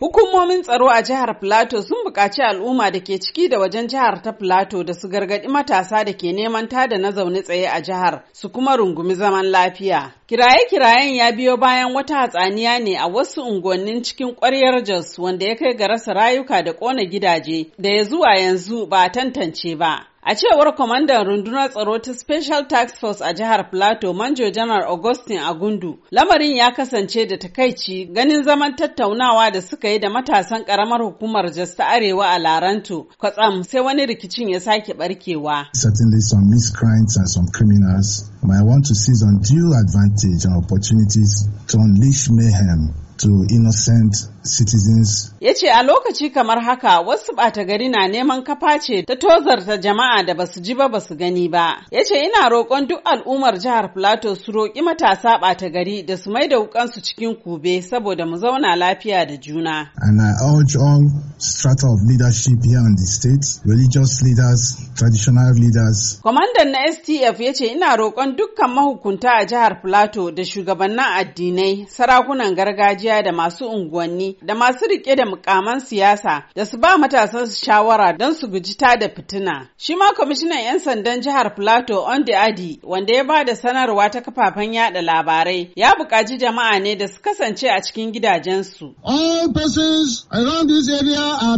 Hukumomin tsaro a jihar Plateau sun buƙaci al'umma da ke ciki da wajen jihar ta Plateau da su gargaɗi matasa da ke neman tada na zaune tsaye a jihar su kuma rungumi zaman lafiya. Kiraye-kirayen ya biyo bayan wata hatsaniya ne a wasu unguwannin cikin ƙwaryar Jos wanda ya kai ga rasa rayuka da ƙona gidaje da ya zuwa yanzu ba tantance ba. A cewar kwamandan rundunar tsaro ta Special Task Force a jihar Plateau, Manjo Janar Agustin Agundu, lamarin ya kasance da takaici ganin zaman tattaunawa da suka yi da matasan karamar hukumar Jos ta Arewa a Laranto, kwatsam sai wani rikicin ya sake barkewa. Certainly some miscreants and some criminals might want to seize due advantage and opportunities to unleash mayhem to innocent citizens. Ya ce a lokaci kamar haka wasu ɓata gari na neman kafa ce ta tozarta jama'a da basu ji ba basu gani ba. Ya ce ina roƙon duk al'ummar jihar Plateau su roƙi matasa ɓata gari da su mai da wukansu cikin kube saboda mu zauna lafiya da juna. And I urge all strata of leadership here in the state, religious leaders, traditional leaders. Kwamandan na STF ya ce ina roƙon dukkan mahukunta a jihar Plateau da shugabannin addinai, sarakunan gargajiya da masu unguwanni da masu rike da mukaman siyasa da su ba matasan su shawara don su guji ta da fitina. Shi ma kwamishinan 'yan sandan jihar Plateau the Adi wanda ya ba da sanarwa ta kafafen yada labarai ya buƙaci jama'a ne da su kasance a cikin gidajensu. All persons around this area are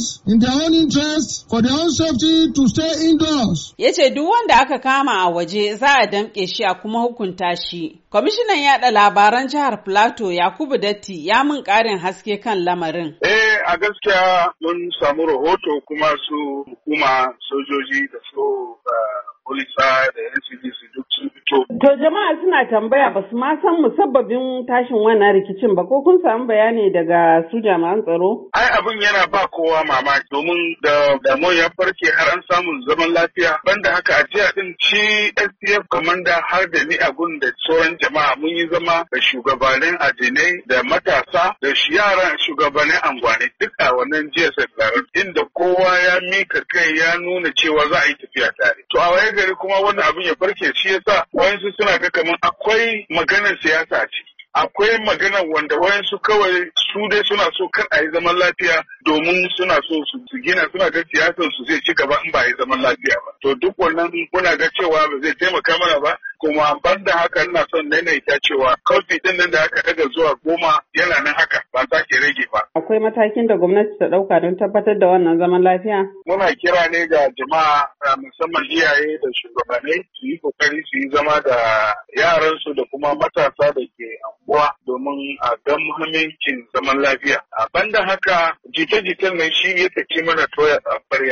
citizens in their own interest for their own safety to stay indoors. Ya ce duk wanda aka kama a waje za a damƙe shi a kuma hukunta shi. Kwamishinan yada labaran jihar Plateau Yakubu Datti ya mun ƙarin haske kan lamarin. Eh a gaskiya mun samu rahoto kuma su hukuma sojoji da su eh, polisa ah, da To jama'a suna tambaya ba su ma san musabbabin tashin wannan rikicin ba ko kun samu bayani daga su jami'an tsaro? Ai abin yana ba kowa mama domin da damuwa ya farke har an samu zaman lafiya banda haka a jiya din shi je kamanda har da ni a gun da sauran jama'a mun yi zama da shugabannin addinai da matasa da yaran shugabannin angwane duk a wannan GSF inda kowa ya mika kai ya nuna cewa za a yi tafiya tare. To a waye gari kuma wannan abin ya farke shi yasa wayansu suna ga kamar akwai maganar siyasa a ciki. akwai magana wanda wayansu kawai su dai suna so kar a yi zaman lafiya domin suna so su gina suna ga siyasar su zai ci gaba in ba a yi zaman lafiya ba to duk wannan muna ga cewa ba zai taimaka mana ba kuma ban da haka ina son nanaita cewa kofi din nan da aka daga zuwa goma yana nan haka ba za ki rage ba akwai matakin da gwamnati ta ɗauka don tabbatar da wannan zaman lafiya? Muna kira ne ga jama'a musamman iyaye da shugabanni su yi kokari su yi zama da yaransu da kuma matasa da ke anguwa domin a ga muhimmancin zaman lafiya. A banda haka jita-jitan nan shi ya tafi mana toya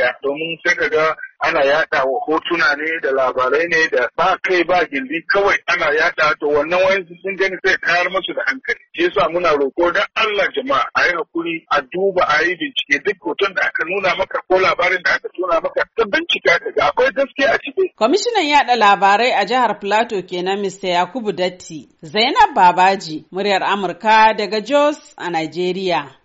a domin sai ka ga ana yaɗa wa hotuna ne da labarai ne da ba kai ba gindi kawai ana yaɗa, to wannan wayansu sun gani sai kayar musu da hankali shi yasa muna roko dan Allah jama'a a yi hakuri a duba a yi bincike duk hoton da aka nuna maka ko labarin da aka tona maka ta bincika ka ga akwai gaske a ciki kwamishinan yada labarai a jihar Plateau kenan Mr. Yakubu Datti Zainab Babaji muryar Amurka daga Jos a Najeriya